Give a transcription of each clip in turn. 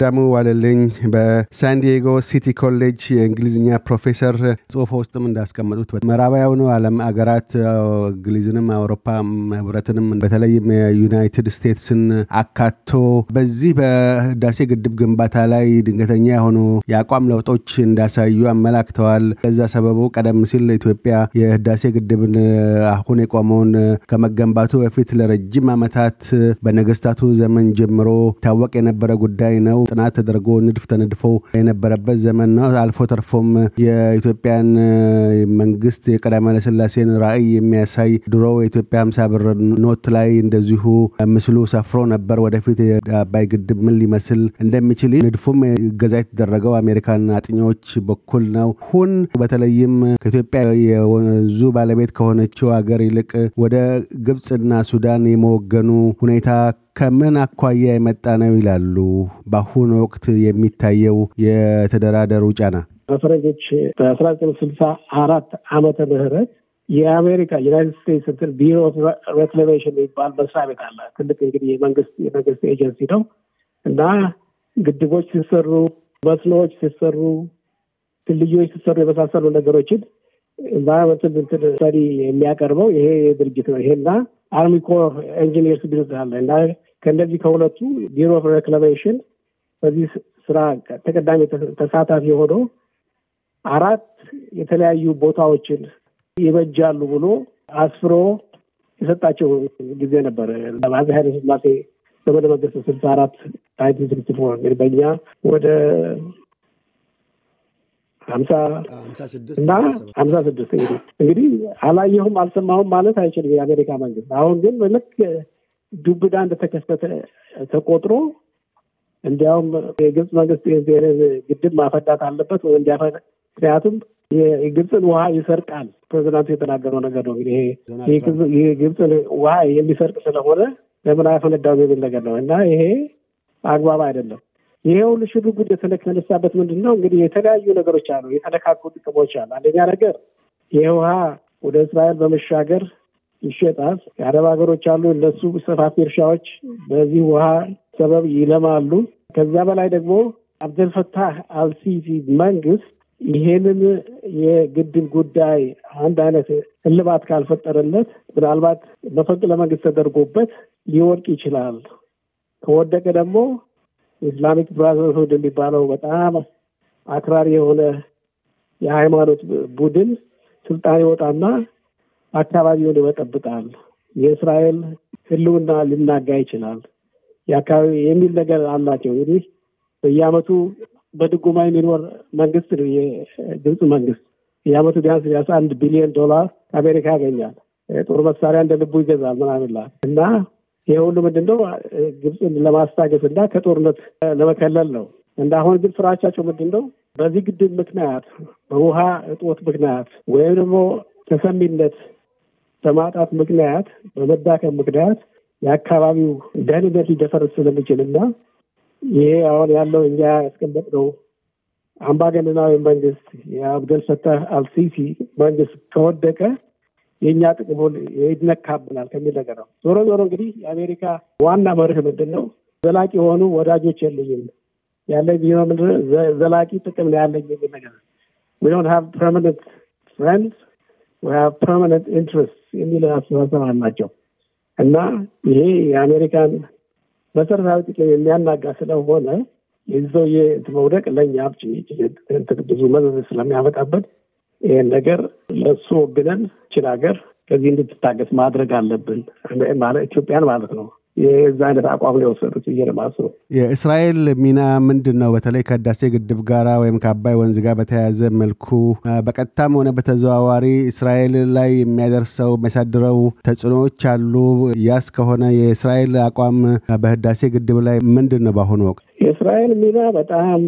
ዳሙ ዋለልኝ በሳንዲየጎ ሲቲ ኮሌጅ የእንግሊዝኛ ፕሮፌሰር ጽሁፎ ውስጥም እንዳስቀመጡት ምዕራባውያኑ ዓለም አገራት እንግሊዝንም አውሮፓ ህብረትንም በተለይም የዩናይትድ ስቴትስን አካቶ በዚህ በህዳሴ ግድብ ግንባታ ላይ ድንገተኛ የሆኑ የአቋም ለውጦች እንዳሳዩ አመላክተዋል። ከዛ ሰበቡ ቀደም ሲል ኢትዮጵያ የህዳሴ ግድብን አሁን የቆመውን ከመገንባቱ በፊት ለረጅም ዓመታት በነገስታቱ ዘመን ጀምሮ ታወቅ የነበረ ጉዳይ ነው። ጥናት ተደርጎ ንድፍ ተነድፎ የነበረበት ዘመን ነው። አልፎ ተርፎም የኢትዮጵያን መንግስት የቀዳማዊ ኃይለ ሥላሴን ራዕይ የሚያሳይ ድሮ የኢትዮጵያ ሀምሳ ብር ኖት ላይ እንደዚሁ ምስሉ ሰፍሮ ነበር። ወደፊት የአባይ ግድብ ምን ሊመስል እንደሚችል ንድፉም ገዛ የተደረገው አሜሪካን አጥኚዎች በኩል ነው። ሁን በተለይም ከኢትዮጵያ የወንዙ ባለቤት ከሆነችው ሀገር ይልቅ ወደ ግብፅና ሱዳን የመወገኑ ሁኔታ ከምን አኳያ የመጣ ነው ይላሉ? በአሁኑ ወቅት የሚታየው የተደራደሩ ጫና በፈረንጆች በአስራ ዘጠኝ ስልሳ አራት ዓመተ ምህረት የአሜሪካ ዩናይትድ ስቴትስ እንትን ቢሮ ኦፍ ሬክላሜሽን የሚባል መስሪያ ቤት አለ። ትልቅ እንግዲህ የመንግስት የመንግስት ኤጀንሲ ነው እና ግድቦች ሲሰሩ፣ መስኖዎች ሲሰሩ፣ ትልዮች ሲሰሩ የመሳሰሉ ነገሮችን ኢንቫይሮንመንትን እንትን የሚያቀርበው ይሄ ድርጅት ነው። ይሄና አርሚ ኮር ቢዝነስ አለ እና ከእነዚህ ከሁለቱ ቢሮ ኦፍ ሬክላሜሽን በዚህ ስራ ተቀዳሚ ተሳታፊ የሆነው አራት የተለያዩ ቦታዎችን ይበጃሉ ብሎ አስፍሮ የሰጣቸው ጊዜ ነበር። ለባዚ ኃይለ ሥላሴ ዘመነ መንግስት ስልሳ አራት ናይንቲን ስልስቲ ፎር እንግዲህ በእኛ ወደ ሀምሳ እና ሀምሳ ስድስት እንግዲህ እንግዲህ አላየሁም አልሰማሁም ማለት አይችልም የአሜሪካ መንግስት። አሁን ግን ልክ ዱብዳ እንደተከሰተ ተቆጥሮ እንዲያውም የግብፅ መንግስት የዜሬን ግድብ ማፈዳት አለበት ወይ እንዲያፈ ምክንያቱም የግብፅን ውሃ ይሰርቃል። ፕሬዚዳንቱ የተናገረው ነገር ነው። እንግዲህ የግብፅን ውሃ የሚሰርቅ ስለሆነ ለምን አያፈነዳውም የሚል ነገር ነው እና ይሄ አግባብ አይደለም። ይሄ ሁሉ ሽግግር የተነሳበት ምንድን ነው? እንግዲህ የተለያዩ ነገሮች አሉ፣ የተነካኩ ጥቅሞች አሉ። አንደኛ ነገር ይህ ውሃ ወደ እስራኤል በመሻገር ይሸጣል። የአረብ ሀገሮች አሉ፣ እነሱ ሰፋፊ እርሻዎች በዚህ ውሃ ሰበብ ይለማሉ። ከዚያ በላይ ደግሞ አብደልፈታህ አልሲሲ መንግስት ይሄንን የግድብ ጉዳይ አንድ አይነት እልባት ካልፈጠረለት ምናልባት መፈንቅለ መንግስት ተደርጎበት ሊወድቅ ይችላል። ከወደቀ ደግሞ ኢስላሚክ ብራዘርሁድ የሚባለው በጣም አክራሪ የሆነ የሃይማኖት ቡድን ስልጣን ይወጣና አካባቢውን ይበጠብጣል፣ የእስራኤል ህልውና ሊናጋ ይችላል የአካባቢ የሚል ነገር አላቸው። እንግዲህ በየዓመቱ በድጎማ የሚኖር መንግስት ነው የግብፅ መንግስት። የዓመቱ ቢያንስ ቢያንስ አንድ ቢሊዮን ዶላር ከአሜሪካ ያገኛል። ጦር መሳሪያ እንደ ልቡ ይገዛል ምናምን እና ይህ ሁሉ ምንድነው ግብፅን ለማስታገስ እና ከጦርነት ለመከለል ነው። እንደ አሁን ግን ፍራቻቸው ምንድነው በዚህ ግድብ ምክንያት በውሃ እጦት ምክንያት ወይም ደግሞ ተሰሚነት በማጣት ምክንያት በመዳከም ምክንያት የአካባቢው ደህንነት ሊደፈርስ ስለሚችል እና ይሄ አሁን ያለው እኛ ያስቀመጥነው አምባገነናዊ መንግስት የአብደል ፈታህ አልሲሲ መንግስት ከወደቀ የእኛ ጥቅሙን ይነካብናል ከሚል ነገር ነው። ዞሮ ዞሮ እንግዲህ የአሜሪካ ዋና መርህ ምንድን ነው? ዘላቂ የሆኑ ወዳጆች የለኝም ያለ ዘላቂ ጥቅም ያለኝ የሚል ነገር ዊ ዶንት ሃቭ ፐርማነንት ፍሬንድስ ፐርማነንት ኢንትረስት የሚል አስተሳሰብ አላቸው እና ይሄ የአሜሪካን መሰረታዊ ጥቅም የሚያናጋ ስለሆነ የሰውዬ መውደቅ ለእኛ ብቻ ብዙ መዘዝ ስለሚያመጣበት ይህን ነገር ለእሱ ወግነን ችል ሀገር ከዚህ እንድትታገስ ማድረግ አለብን። ኢትዮጵያን ማለት ነው። የዛ አይነት አቋም ነው የወሰዱት ብዬ ነው የእስራኤል ሚና ምንድን ነው? በተለይ ከህዳሴ ግድብ ጋር ወይም ከአባይ ወንዝ ጋር በተያያዘ መልኩ በቀጥታም ሆነ በተዘዋዋሪ እስራኤል ላይ የሚያደርሰው የሚያሳድረው ተጽዕኖዎች አሉ። ያስ ከሆነ የእስራኤል አቋም በህዳሴ ግድብ ላይ ምንድን ነው በአሁኑ ወቅት? የእስራኤል ሚና በጣም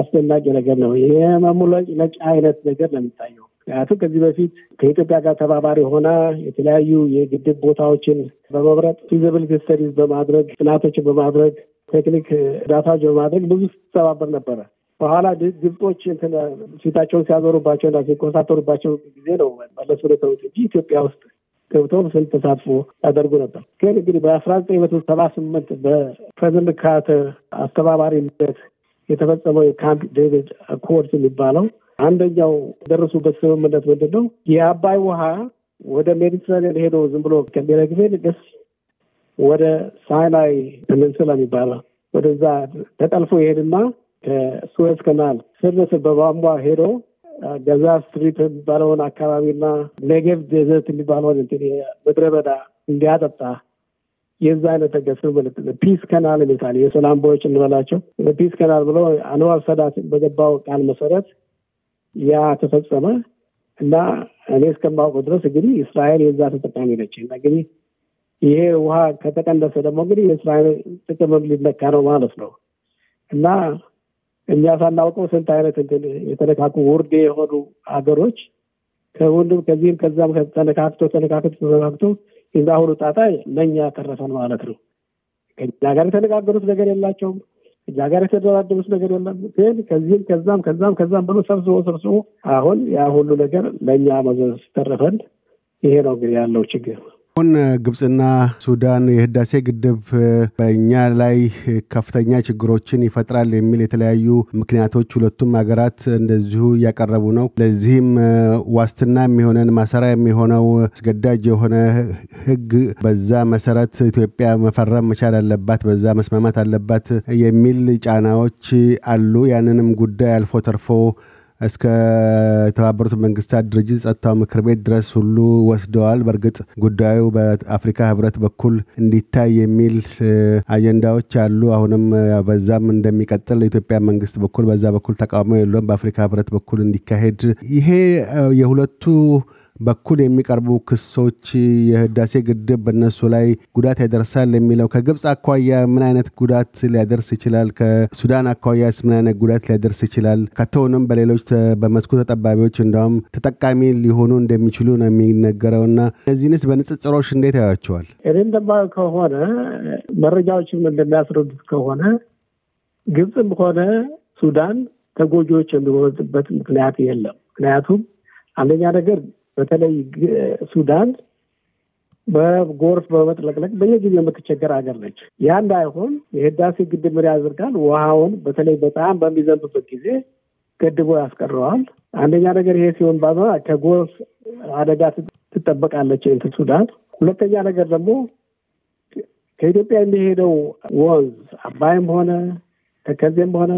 አስደናቂ ነገር ነው። የመሙለጭለጫ አይነት ነገር ነው የሚታየው ምክንያቱም ከዚህ በፊት ከኢትዮጵያ ጋር ተባባሪ ሆና የተለያዩ የግድብ ቦታዎችን በመምረጥ ፊዚቢሊቲ ስተዲዝ በማድረግ ጥናቶችን በማድረግ ቴክኒክ ዳታዎች በማድረግ ብዙ ስተባበር ነበረ። በኋላ ግብጦች ፊታቸውን ሲያዞሩባቸው እና ሲቆሳተሩባቸው ጊዜ ነው መለስ ሁኔታዎች እንጂ ኢትዮጵያ ውስጥ ገብተው ስል ተሳትፎ ያደርጉ ነበር። ግን እንግዲህ በአስራ ዘጠኝ መቶ ሰባ ስምንት በፕሬዝደንት ካርተር አስተባባሪነት የተፈጸመው የካምፕ ዴቪድ አኮርድ የሚባለው አንደኛው ደረሱበት ስምምነት ምንድን ነው? የአባይ ውሃ ወደ ሜዲትራኒያን ሄዶ ዝም ብሎ ከሚረ ጊዜ ደስ ወደ ሳይናይ ፔኒንሱላ የሚባለው ወደዛ ተጠልፎ ይሄድና ከሱዌዝ ከናል ስር ስር በቧንቧ ሄዶ ገዛ ስትሪት የሚባለውን አካባቢና ኔጌቭ ዴዘርት የሚባለውን እንትን ምድረ በዳ እንዲያጠጣ የዛ አይነት ገስር ስምምነት ፒስ ከናል የሚታል የሰላም ቦዮች እንበላቸው ፒስ ከናል ብሎ አንዋር ሰዳት በገባው ቃል መሰረት ያ ተፈጸመ እና እኔ እስከማውቀው ድረስ እንግዲህ እስራኤል የዛ ተጠቃሚ ነች። እንግዲህ ይሄ ውሃ ከተቀነሰ ደግሞ እንግዲህ የእስራኤል ጥቅምም ሊነካ ነው ማለት ነው እና እኛ ሳናውቀው ስንት አይነት እንትን የተነካኩ ውርዴ የሆኑ ሀገሮች ከወንድም ከዚህም ከዛም ተነካክቶ ተነካክቶ ተነካክቶ የዛ ሁሉ ጣጣ ለእኛ ተረፈን ማለት ነው። ከኛ ጋር የተነጋገሩት ነገር የላቸውም። እኛ ጋር የተደራደሩት ነገር የለም። ግን ከዚህም ከዛም ከዛም ከዛም ብሎ ሰብስቦ ሰብስቦ አሁን ያ ሁሉ ነገር ለእኛ መዘዝ ተረፈን። ይሄ ነው እንግዲህ ያለው ችግር። አሁን ግብፅና ሱዳን የህዳሴ ግድብ በእኛ ላይ ከፍተኛ ችግሮችን ይፈጥራል የሚል የተለያዩ ምክንያቶች ሁለቱም ሀገራት እንደዚሁ እያቀረቡ ነው። ለዚህም ዋስትና የሚሆነን ማሰራ የሚሆነው አስገዳጅ የሆነ ህግ፣ በዛ መሰረት ኢትዮጵያ መፈረም መቻል አለባት፣ በዛ መስማማት አለባት የሚል ጫናዎች አሉ። ያንንም ጉዳይ አልፎ ተርፎ እስከ ተባበሩት መንግስታት ድርጅት ጸጥታው ምክር ቤት ድረስ ሁሉ ወስደዋል። በእርግጥ ጉዳዩ በአፍሪካ ህብረት በኩል እንዲታይ የሚል አጀንዳዎች አሉ። አሁንም በዛም እንደሚቀጥል ኢትዮጵያ መንግስት በኩል በዛ በኩል ተቃውሞ የለውም። በአፍሪካ ህብረት በኩል እንዲካሄድ ይሄ የሁለቱ በኩል የሚቀርቡ ክሶች የህዳሴ ግድብ በነሱ ላይ ጉዳት ያደርሳል የሚለው ከግብፅ አኳያ ምን አይነት ጉዳት ሊያደርስ ይችላል? ከሱዳን አኳያስ ምን አይነት ጉዳት ሊያደርስ ይችላል? ከቶውንም በሌሎች በመስኩ ተጠባቢዎች እንዲሁም ተጠቃሚ ሊሆኑ እንደሚችሉ ነው የሚነገረው እና እነዚህንስ በንጽጽሮች እንዴት ያያቸዋል? እኔ እንደማየው ከሆነ መረጃዎችም እንደሚያስረዱት ከሆነ ግብፅም ሆነ ሱዳን ተጎጂዎች የሚሆኑበት ምክንያት የለም። ምክንያቱም አንደኛ ነገር በተለይ ሱዳን በጎርፍ በመጥለቅለቅ በየጊዜው የምትቸገር ሀገር ነች። ያ እንዳይሆን የህዳሴ ግድብ ምን ያደርጋል? ውሃውን በተለይ በጣም በሚዘንብበት ጊዜ ገድቦ ያስቀረዋል። አንደኛ ነገር ይሄ ሲሆን ባ ከጎርፍ አደጋ ትጠበቃለች እንትን ሱዳን። ሁለተኛ ነገር ደግሞ ከኢትዮጵያ የሚሄደው ወንዝ አባይም ሆነ ተከዜም ሆነ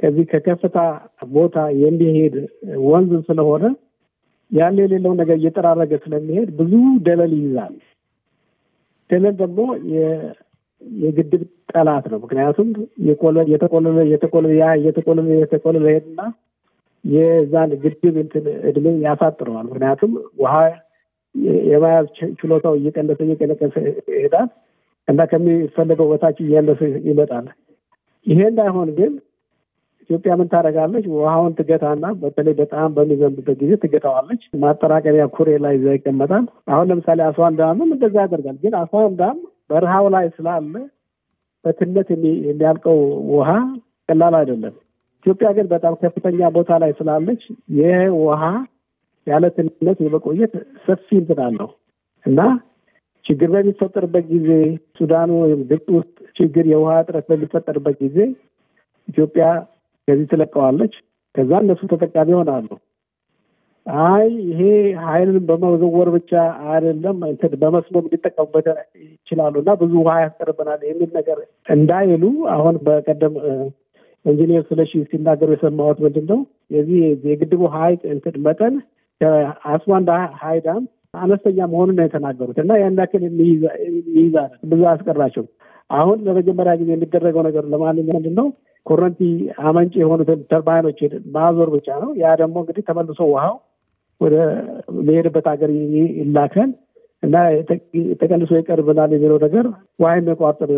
ከዚህ ከከፍታ ቦታ የሚሄድ ወንዝ ስለሆነ ያለ የሌለው ነገር እየጠራረገ ስለሚሄድ ብዙ ደለል ይይዛል። ደለል ደግሞ የግድብ ጠላት ነው። ምክንያቱም የተቆለለ የተቆለለ ያ የተቆለለ የተቆለለ ሄድና የዛን ግድብ እንትን እድሜ ያሳጥረዋል። ምክንያቱም ውሃ የመያዝ ችሎታው እየቀነሰ እየቀነሰ ይሄዳል እና ከሚፈለገው በታች እያነሰ ይመጣል። ይሄ እንዳይሆን ግን ኢትዮጵያ ምን ታደርጋለች? ውሃውን ትገታና በተለይ በጣም በሚዘንብበት ጊዜ ትገታዋለች። ማጠራቀሚያ ኩሬ ላይ ይዛ ይቀመጣል። አሁን ለምሳሌ አስዋን ዳምም እንደዛ ያደርጋል። ግን አስዋን ዳም በረሃው ላይ ስላለ በትነት የሚያልቀው ውሃ ቀላል አይደለም። ኢትዮጵያ ግን በጣም ከፍተኛ ቦታ ላይ ስላለች ይህ ውሃ ያለ ትንነት የመቆየት ሰፊ እንትን አለው እና ችግር በሚፈጠርበት ጊዜ ሱዳን ወይም ግብፅ ውስጥ ችግር የውሃ እጥረት በሚፈጠርበት ጊዜ ኢትዮጵያ ከዚህ ትለቀዋለች። ከዛ እነሱ ተጠቃሚ ይሆናሉ። አይ ይሄ ኃይልን በመዘወር ብቻ አይደለም እንትን በመስኖም ሊጠቀሙበት ይችላሉ እና ብዙ ውሃ ያስቀርብናል የሚል ነገር እንዳይሉ አሁን በቀደም ኢንጂኒየር ስለሺ ሲናገሩ የሰማሁት ምንድን ነው የዚህ የግድቡ ሀይቅ እንትን መጠን ከአስዋንዳ ሀይዳም አነስተኛ መሆኑን ነው የተናገሩት እና ያን ያክል ብዙ አያስቀራቸው። አሁን ለመጀመሪያ ጊዜ የሚደረገው ነገር ለማንኛው ምንድን ነው ኮረንቲ አመንጭ የሆኑትን ተርባይኖች ማዞር ብቻ ነው። ያ ደግሞ እንግዲህ ተመልሶ ውሃው ወደ መሄድበት ሀገር ይላካል እና ተቀልሶ ይቀርብናል የሚለው ነገር ውሃ የሚቋጥር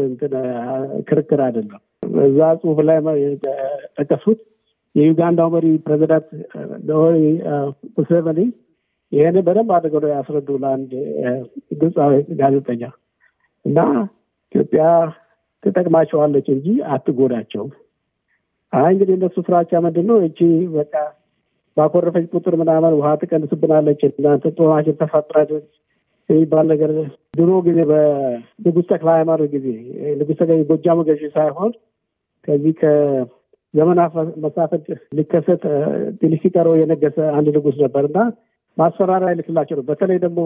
ክርክር አይደለም። እዛ ጽሁፍ ላይ የጠቀሱት የዩጋንዳው መሪ ፕሬዚዳንት ዮዌሪ ሙሴቨኒ ይህን በደንብ አድርገው ነው ያስረዱ ለአንድ ግብፃዊ ጋዜጠኛ እና ኢትዮጵያ ትጠቅማቸዋለች እንጂ አትጎዳቸውም አይ እንግዲህ እነሱ ፍራቻ ምንድን ነው እቺ በቃ ባኮረፈች ቁጥር ምናምን ውሃ ትቀንስብናለች፣ እናንተ ጦማችን ተፈጥራለች የሚባል ነገር ድሮ ጊዜ በንጉሥ ተክለ ሃይማኖት ጊዜ ንጉሥ ተክለ ጎጃሙ ገዢ ሳይሆን ከዚህ ከዘመን መሳፍንት ሊከሰት ሲቀረው የነገሰ አንድ ንጉሥ ነበር እና ማስፈራሪያ ይልክላቸው ነው። በተለይ ደግሞ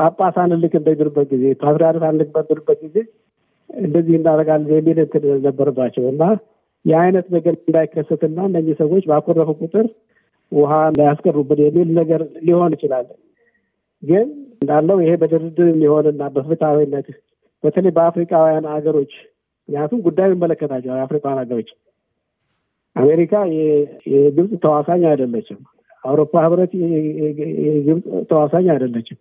ጳጳስ አንልክ እንደግርበት ጊዜ፣ ፓትርያርክ አንልክ በግርበት ጊዜ እንደዚህ እናደርጋለን የሚል እንትን ነበርባቸው እና የአይነት ነገር እንዳይከሰትና እነዚህ ሰዎች ባኮረፉ ቁጥር ውሃ እንዳያስቀሩብን የሚል ነገር ሊሆን ይችላል። ግን እንዳለው ይሄ በድርድር ሊሆንና በፍትሐዊነት በተለይ በአፍሪካውያን ሀገሮች ምክንያቱም ጉዳዩ ይመለከታቸው የአፍሪካውያን ሀገሮች አሜሪካ የግብፅ ተዋሳኝ አይደለችም። አውሮፓ ህብረት የግብፅ ተዋሳኝ አይደለችም።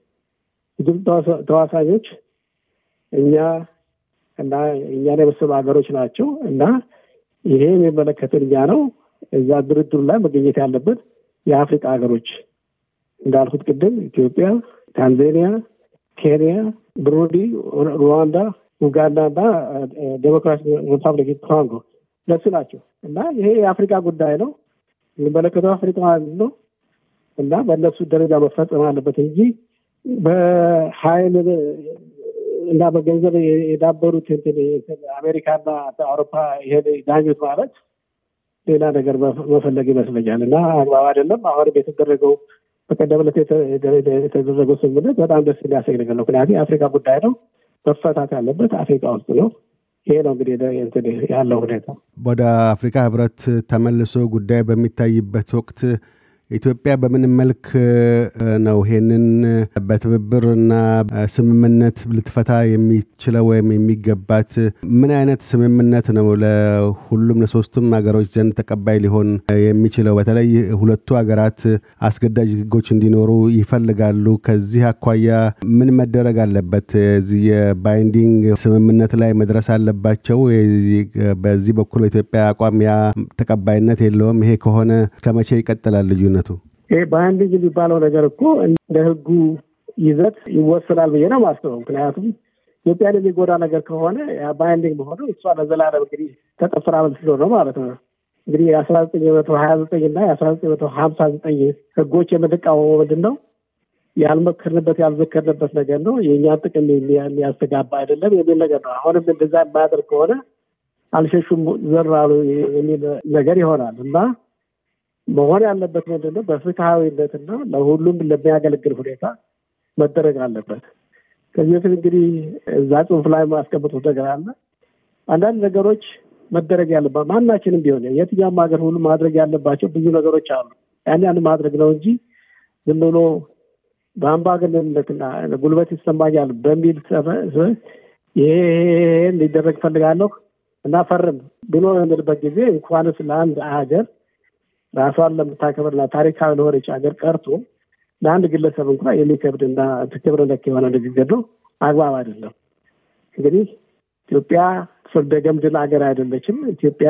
ግብፅ ተዋሳኞች እኛ እና እኛን የመሰሉ ሀገሮች ናቸው እና ይሄ የሚመለከት እኛ ነው። እዛ ድርድሩ ላይ መገኘት ያለበት የአፍሪቃ ሀገሮች እንዳልኩት ቅድም ኢትዮጵያ፣ ታንዛኒያ፣ ኬንያ፣ ብሩንዲ፣ ሩዋንዳ፣ ኡጋንዳ እና ዴሞክራሲ ሪፐብሊክ ኮንጎ ለሱ ናቸው እና ይሄ የአፍሪካ ጉዳይ ነው የሚመለከተው አፍሪካ ነው እና በእነሱ ደረጃ መፈጸም አለበት እንጂ በሀይል እና በገንዘብ የዳበሩት አሜሪካና አውሮፓ ይሄን ዳኙት ማለት ሌላ ነገር መፈለግ ይመስለኛል እና አግባብ አይደለም። አሁንም የተደረገው በቀደም ዕለት የተደረገው ስምምነት በጣም ደስ የሚያሰኝ ነገር ነው። ምክንያቱም የአፍሪካ ጉዳይ ነው፣ መፈታት ያለበት አፍሪካ ውስጥ ነው። ይሄ ነው እንግዲህ ያለው ሁኔታ። ወደ አፍሪካ ህብረት ተመልሶ ጉዳይ በሚታይበት ወቅት ኢትዮጵያ በምን መልክ ነው ይሄንን በትብብር እና ስምምነት ልትፈታ የሚችለው ወይም የሚገባት? ምን አይነት ስምምነት ነው ለሁሉም ለሶስቱም ሀገሮች ዘንድ ተቀባይ ሊሆን የሚችለው? በተለይ ሁለቱ ሀገራት አስገዳጅ ህጎች እንዲኖሩ ይፈልጋሉ። ከዚህ አኳያ ምን መደረግ አለበት? እዚህ የባይንዲንግ ስምምነት ላይ መድረስ አለባቸው። በዚህ በኩል በኢትዮጵያ አቋም ያ ተቀባይነት የለውም። ይሄ ከሆነ ከመቼ ይቀጥላል ልዩ ግንኙነቱ? ይሄ ባንዲንግ የሚባለው ነገር እኮ እንደ ህጉ ይዘት ይወሰናል ብዬ ነው ማስበው። ምክንያቱም ኢትዮጵያን የሚጎዳ ነገር ከሆነ ባንዲንግ መሆኑ እሷ ለዘላለም እንግዲህ ተጠፍራ ምትኖር ነው ማለት ነው። እንግዲህ የአስራ ዘጠኝ መቶ ሀያ ዘጠኝ እና የአስራ ዘጠኝ መቶ ሀምሳ ዘጠኝ ህጎች የምንቃወመው ምንድን ነው? ያልመከርንበት ያልዘከርንበት ነገር ነው። የእኛን ጥቅም የሚያስተጋባ አይደለም የሚል ነገር ነው። አሁንም እንደዛ የማያደርግ ከሆነ አልሸሹም ዘራሉ የሚል ነገር ይሆናል እና መሆን ያለበት በፍትሐዊነት በፍትሐዊነትና ለሁሉም ለሚያገለግል ሁኔታ መደረግ አለበት። ከዚህ በፊት እንግዲህ እዛ ጽሁፍ ላይ ማስቀምጡት ነገር አለ። አንዳንድ ነገሮች መደረግ ያለባት ማናችንም ቢሆን የትኛውም ሀገር ሁሉ ማድረግ ያለባቸው ብዙ ነገሮች አሉ። ያን ያን ማድረግ ነው እንጂ ዝም ብሎ በአምባገነንነትና ጉልበት ይሰማኛል በሚል ይሄ ሊደረግ ፈልጋለሁ እና ፈርም ብሎ የምልበት ጊዜ እንኳንስ ለአንድ ሀገር ራሷን ለምታከብርና ታሪካዊ ለሆነች ሀገር ቀርቶ ለአንድ ግለሰብ እንኳ የሚከብድና ክብር ነክ የሆነ ንግግር ነው፣ አግባብ አይደለም። እንግዲህ ኢትዮጵያ ፍርደ ገምድል ሀገር አይደለችም። ኢትዮጵያ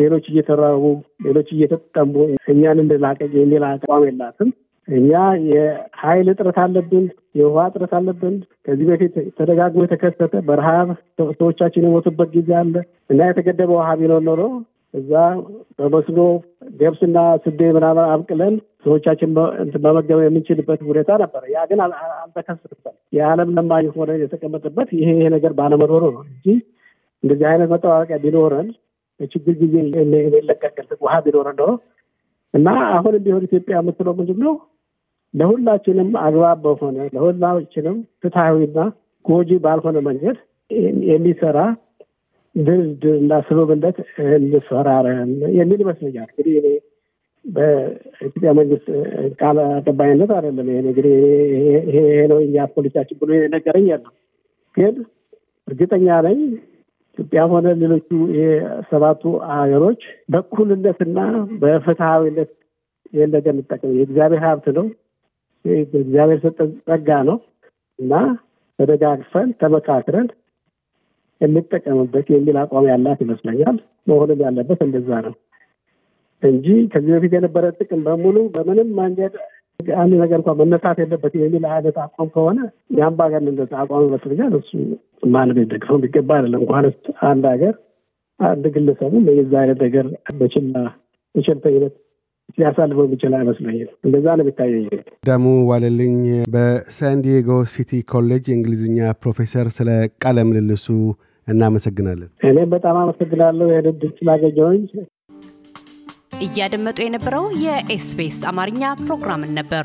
ሌሎች እየተራቡ ሌሎች እየተጠሙ እኛን እንድላቀ የሚል አቋም የላትም። እኛ የኃይል እጥረት አለብን፣ የውሃ እጥረት አለብን። ከዚህ በፊት ተደጋግሞ የተከሰተ በረሃብ ሰዎቻችን የሞቱበት ጊዜ አለ እና የተገደበ ውሃ ቢኖር ኖሮ እዛ በመስኖ ገብስና ስዴ ምናምን አብቅለን ሰዎቻችን መመገብ የምንችልበት ሁኔታ ነበረ። ያ ግን አልተከሰተም። የዓለም ለማ ሆነ የተቀመጠበት ይሄ ይሄ ነገር ባለመኖሩ ነው እንጂ እንደዚህ አይነት መጠባበቂያ ቢኖረን በችግር ጊዜ የሚለቀቅል ውሃ ቢኖረን ነው እና አሁን እንዲሆን ኢትዮጵያ የምትለው ምንድን ነው ለሁላችንም አግባብ በሆነ ለሁላችንም ፍትሐዊና ጎጂ ባልሆነ መንገድ የሚሰራ ድርድ እና ስምምነት እንፈራረም የሚል ይመስለኛል። እንግዲህ እኔ በኢትዮጵያ መንግስት ቃል አቀባይነት አይደለም ይሄ እንግዲህ ይሄ ነው እኛ ፖሊሲያችን ብሎ የነገረኝ ያለው ግን እርግጠኛ ነኝ ኢትዮጵያ ሆነ ሌሎቹ የሰባቱ ሀገሮች በእኩልነትና በፍትሐዊነት የለገ ነገር የእግዚአብሔር ሀብት ነው፣ እግዚአብሔር ሰጠን ጸጋ ነው እና ተደጋግፈን ተመካክረን እንጠቀምበት የሚል አቋም ያላት ይመስለኛል። መሆንም ያለበት እንደዛ ነው እንጂ ከዚህ በፊት የነበረ ጥቅም በሙሉ በምንም መንገድ አንድ ነገር እንኳ መነሳት የለበት የሚል አይነት አቋም ከሆነ የአምባገነንነት አቋም ይመስለኛል። እሱ ማንም ደግፈው የሚገባ አይደለም። እንኳንስ አንድ ሀገር አንድ ግለሰቡ የዛ አይነት ነገር በችላ የቸልተኝነት ሊያሳልፈው የሚችል አይመስለኝም። እንደዛ ነው የሚታየኝ። ደሙ ዋለልኝ በሳንዲየጎ ሲቲ ኮሌጅ የእንግሊዝኛ ፕሮፌሰር፣ ስለ ቃለ ምልልሱ እናመሰግናለን። እኔም በጣም አመሰግናለሁ ይህን ዕድል ስላገኘሁኝ። እያደመጡ የነበረው የኤስፔስ አማርኛ ፕሮግራምን ነበር።